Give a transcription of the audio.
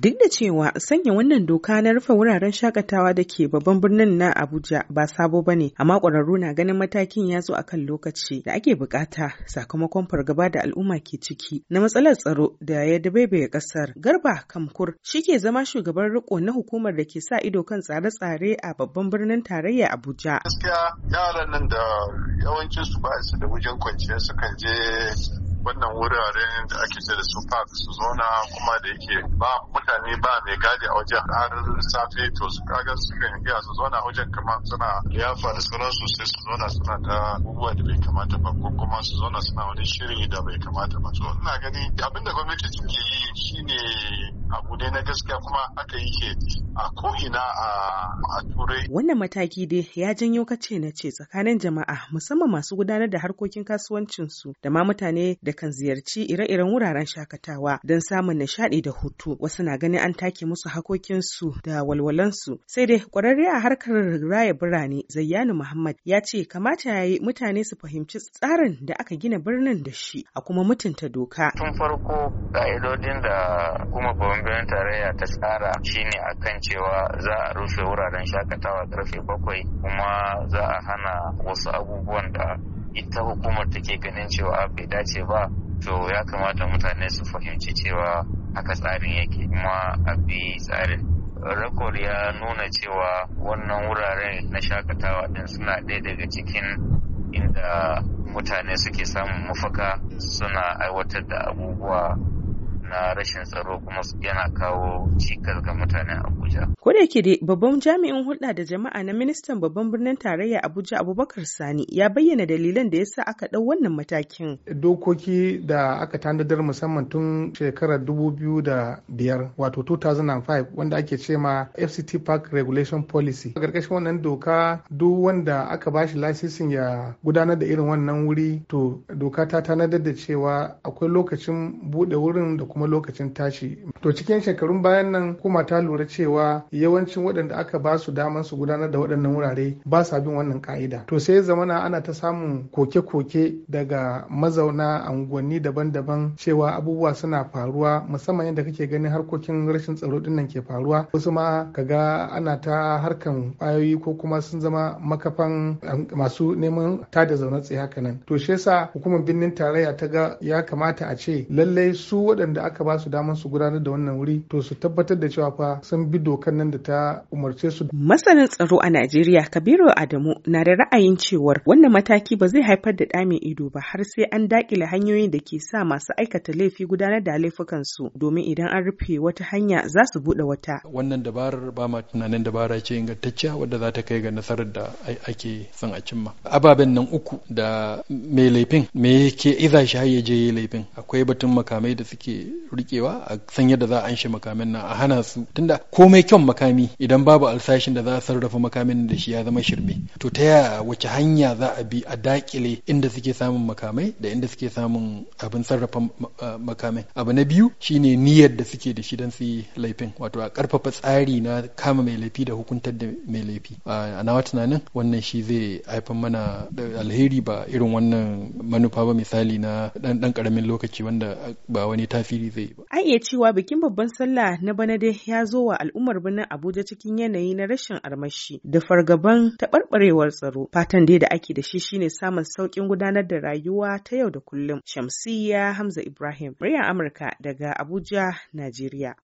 Duk da cewa sanya wannan doka na rufe wuraren shakatawa da ke babban birnin na Abuja ba sabo ba ne amma ƙwararru na ganin matakin ya zo akan lokaci da ake bukata sakamakon fargaba da al'umma ke ciki na matsalar tsaro da ya dabaibaye ƙasar. Garba Kamkur shi ke zama shugaban riko na hukumar da ke sa ido kan tsare-tsare a babban birnin tarayya Abuja. Gaskiya yaran nan da yawancin su ba su da wajen kwanciya sukan je wannan wuraren da ake ce da su park su zona kuma da yake ba mutane ba mai gadi a wajen har safe to su kaga su kan iya su zona wajen kamar suna liyafa da sauransu sai su zona suna ta abubuwa da bai kamata ba ko kuma su zona suna wani shiri da bai kamata ba. to ina gani abinda gwamnati suke yi shine abu ne na gaskiya kuma aka yi ke a ko'ina a turai. Wannan mataki dai ya janyo kace na ce tsakanin jama'a musamman masu gudanar da harkokin kasuwancinsu da ma mutane da kan ziyarci ire-iren wuraren shakatawa don samun nishaɗi da hutu. Wasu na ganin an take musu hakokinsu da walwalansu. Sai dai ƙwararre a harkar raya birane Zayyanu Muhammad ya ce kamata ya yi mutane su fahimci tsarin da aka gina birnin da shi a kuma mutunta doka. Tun farko ka'idodin da kuma gwamnatin tarayya ta tsara shine akan cewa za a rufe wuraren shakatawa karfe bakwai kuma za a hana wasu abubuwan da ita hukumar take ganin cewa bai dace ba to ya kamata mutane su fahimci cewa haka tsarin yake kuma a bi tsarin rakor ya nuna cewa wannan wuraren na shakatawa din suna ɗaya daga cikin inda mutane suke samun mafaka suna aiwatar da abubuwa na rashin tsaro kuma yana kawo cikas ga mutanen Abuja. Ko da yake babban jami'in hulɗa da jama'a na ministan babban birnin tarayya Abuja Abubakar Sani ya bayyana dalilan da ya sa aka ɗau wannan matakin. Dokoki da aka tanadar musamman tun shekarar da biyar wato 2005 wanda ake ce ma FCT Park Regulation Policy. A ƙarƙashin wannan doka duk wanda aka bashi lasisin ya gudanar da irin wannan wuri to doka ta tanadar da cewa akwai lokacin buɗe wurin da kuma kuma lokacin tashi to cikin shekarun bayan nan kuma ta lura cewa yawancin waɗanda aka ba su daman su gudanar da waɗannan wurare ba sa bin wannan ka'ida to sai zamana ana ta samun koke-koke daga mazauna unguwanni daban-daban cewa abubuwa suna faruwa musamman yadda kake ganin harkokin rashin tsaro dinnan ke faruwa wasu ma kaga ana ta harkan kwayoyi ko kuma sun zama makafan um, masu neman tada zaune tsaye haka nan to shi yasa hukumar birnin tarayya ta ga ya kamata a ce lallai su waɗanda aka ba su damar su gudanar da wannan wuri to su tabbatar da cewa fa sun bi dokar nan da ta umarce su. Masanin tsaro a Najeriya Kabiru Adamu na da ra'ayin cewar wannan mataki ba zai haifar da ɗame ido ba har sai an dakile hanyoyin da ke sa masu aikata laifi gudanar da laifukansu domin idan an rufe wata hanya za su buɗe wata. Wannan dabarar ba ma tunanin dabara ce ingantacciya wadda za ta kai ga nasarar da ake son a cimma. Ababen nan uku da mai laifin me yake iza shi har ya je laifin akwai batun makamai da suke rikewa a san yadda za a anshe makamin nan a hana su tunda komai kyan makami idan babu alsashin da za a sarrafa makamin da shi ya zama shirme to ta yaya wace hanya za a bi a dakile inda suke samun makamai da inda suke samun abin sarrafa makamai abu na biyu shine niyyar da suke da shi dan su laifin wato a karfafa tsari na kama mai laifi da hukuntar da mai laifi a nawa tunanin wannan shi zai haifar mana alheri ba irin wannan manufa ba misali na dan karamin lokaci wanda ba wani tasiri zai ba. An iya cewa bikin babban sallah na bana dai ya zo wa al'ummar birnin Abuja cikin yanayi na rashin armashi da fargaban taɓarɓarewar tsaro. Fatan dai da ake da shi shine samun sauƙin gudanar da rayuwa ta yau da kullum. Shamsiyya Hamza Ibrahim, muryar Amurka daga Abuja, Najeriya.